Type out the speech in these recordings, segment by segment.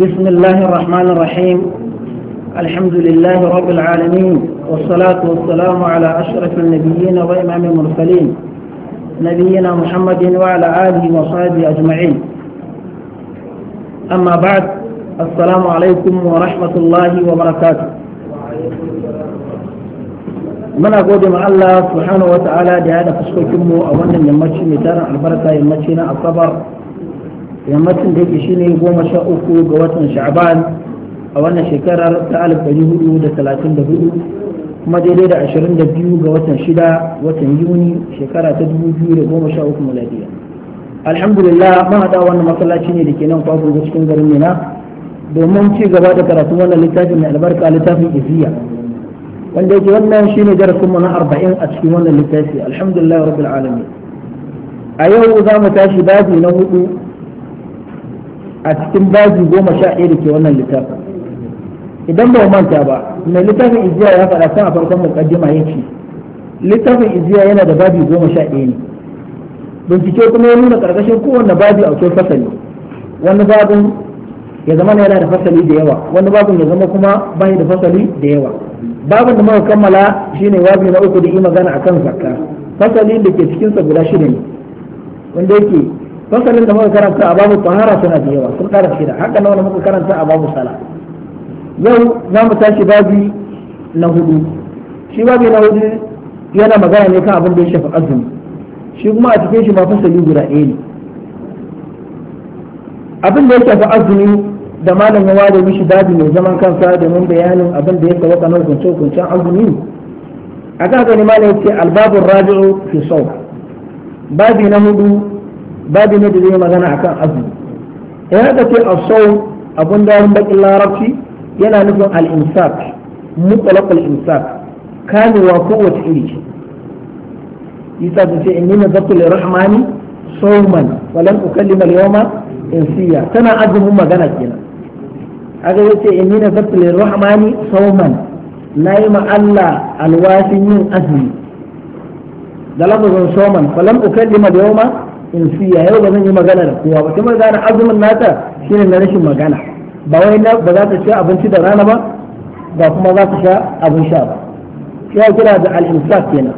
بسم الله الرحمن الرحيم الحمد لله رب العالمين والصلاة والسلام على أشرف النبيين وإمام المرسلين نبينا محمد وعلى آله وصحبه أجمعين أما بعد السلام عليكم ورحمة الله وبركاته من أقول مع الله سبحانه وتعالى دعانا فسكوكم أولا يمشي مثالا البركة يمشينا الصبر yammacin da yake shine goma sha uku ga watan sha'ban a wannan shekarar ta alif ɗari hudu da talatin da hudu kuma daidai da ashirin da biyu ga watan shida watan yuni shekara ta dubu biyu da goma sha uku miladiya alhamdulillah mahaɗa wannan masallaci ne da ke nan kwakwar da cikin garin mina domin ci gaba da karatun wannan littafi mai albarka littafin iziya wanda yake wannan shine darasinmu na arba'in a cikin wannan littafi alhamdulillah rabbil alamin a yau za mu tashi babi na hudu a cikin baji goma sha ɗaya da ke wannan littafin idan ba manta ba mai littafin izziya ya faɗa kan a farkon mukaddima ya ce littafin izziya yana da babi goma sha ɗaya ne bincike kuma ya nuna ƙarƙashin kowanne babi a cikin fasali wani babin ya zama yana da fasali da yawa wani babin ya zama kuma bai da fasali da yawa babin da muka kammala shine wabi na uku da yi magana akan zakka fasali da ke cikinsa guda shida ne wanda yake fasalin da muka karanta a babu tahara suna da yawa sun kara shida haka nawa muka karanta a babu sala yau za mu tashi babi na hudu shi babi na hudu yana magana ne kan abin da ya shafi azumi shi kuma a cikin shi ma fasali guda ɗaya ne abin da ya shafi azumi da malam ya ware mishi babi mai zaman kansa domin bayanin abin da ya saba kanar kunce-kuncen azumi a kan gani malam ya ce albabun rabi'u fi sau babi na hudu babu ne da zai magana akan azumi in aka ce sau abin da bakin larabci yana nufin al-imsak mutlaq al-imsak kamewa kowace iri ce isa ta ce inni nazartu lirahmani sawman wa lan ukallima al-yawma insiya tana azumin magana kenan aka yace inni nazartu lirahmani sawman nayi ma Allah alwashin yin azumi da lafazin sawman fa lan ukallima al-yawma in siya yau ba zan yi magana da kowa ba kuma gane azumin nata shine na rashin magana ba wai na ba za ta ci abinci da rana ba ba kuma za ta sha abin sha ba shi ya kira da al-insaf kenan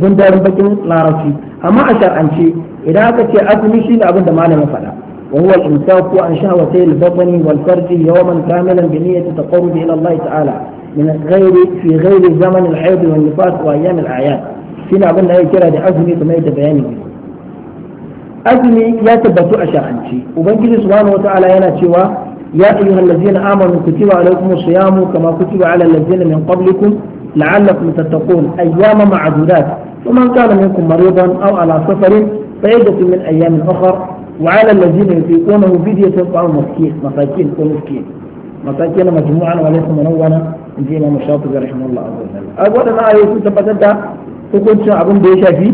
gundarin bakin larabci amma a shar'ance idan aka ce azumi shine abin da malamin faɗa وهو الإمساك عن شهوتي البطن والفرج يوما كاملا بنية التقرب إلى الله تعالى من غير في غير زمن الحيض والنفاس وأيام الأعياد. هنا أظن أي كرة أزمي كما يتبين azumi ya tabbatu a shar'anci ubangiji subhanahu wata'ala yana cewa ya ayyuha allazina amanu kutiba alaykum as siyamu kama kutiba ala allazina min qablikum la'allakum tattaqun ayyama ma'dudat faman kana minkum maridan aw ala safarin fa'idatu min ayyamin ukhra وعلى الذين يطيقونه فدية طعام مسكين مساكين ومسكين مساكين مجموعا وليس منونا wa laysa munawwana shafi ga rahimu Allah azza wa jalla ai waɗannan ayyuka sun tabbatar da hukuncin abin da ya shafi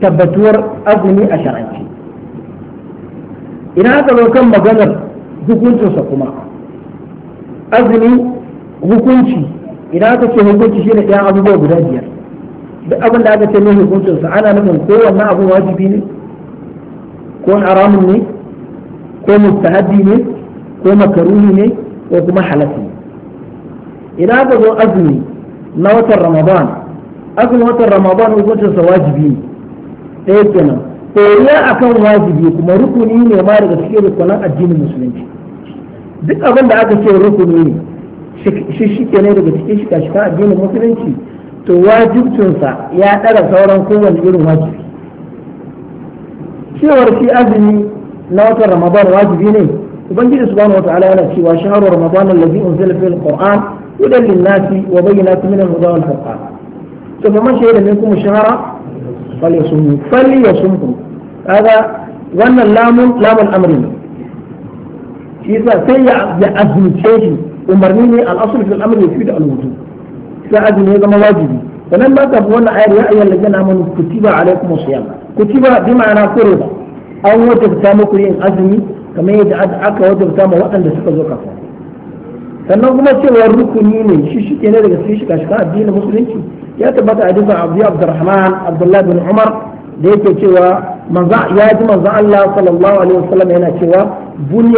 tabbatuwar azumi a shar'anci idan aka zo kan maganar hukuncinsa kuma azumi hukunci idan aka ce hukunci shi ne ɗayan abubuwa guda biyar duk abin da aka ce ne hukuncinsa ana nufin kowanne abu wajibi ne ko haramun ne ko mustahabi ne ko makaruhi ne ko kuma halatti ne idan aka zo azumi na watan ramadan azumin watan ramadan hukuncinsa wajibi ne ɗaya kenan koriya akan wajibi kuma rukuni ne ma daga cikin rukunan addinin musulunci duk abin da aka ce rukuni ne shi ne daga cikin shika-shika addinin musulunci to wajibcinsa ya ɗara sauran kowane irin wajibi cewar shi azumi na watan ramadan wajibi ne ubangiji subhanahu wata'ala yana cewa shahru ramadan allazi unzila fihi alquran hudan lin-nasi wa bayyinatin min al-huda wal furqan to faman shahida minkum shahra فليصوموا فليصوموا هذا وان اللام لام الامر اذا سي يعزم الشيء امرني الاصل في الامر يفيد الوجوب فاذن هذا واجب فلما تبون عير يا ايها الذين امنوا كتب عليكم الصيام كتب بمعنى فرض او وجب تامكم ان ازمي كما يجعل اكا وجب تام وقتا لسكا زكا سنقوم نسير شو شو كان هذا شو شو الدين المسلمين ya tabbata a hadisin Abu Abdurrahman Abdullah bin Umar da yake cewa manzo ya ji manzo Allah sallallahu alaihi wasallam yana cewa bunye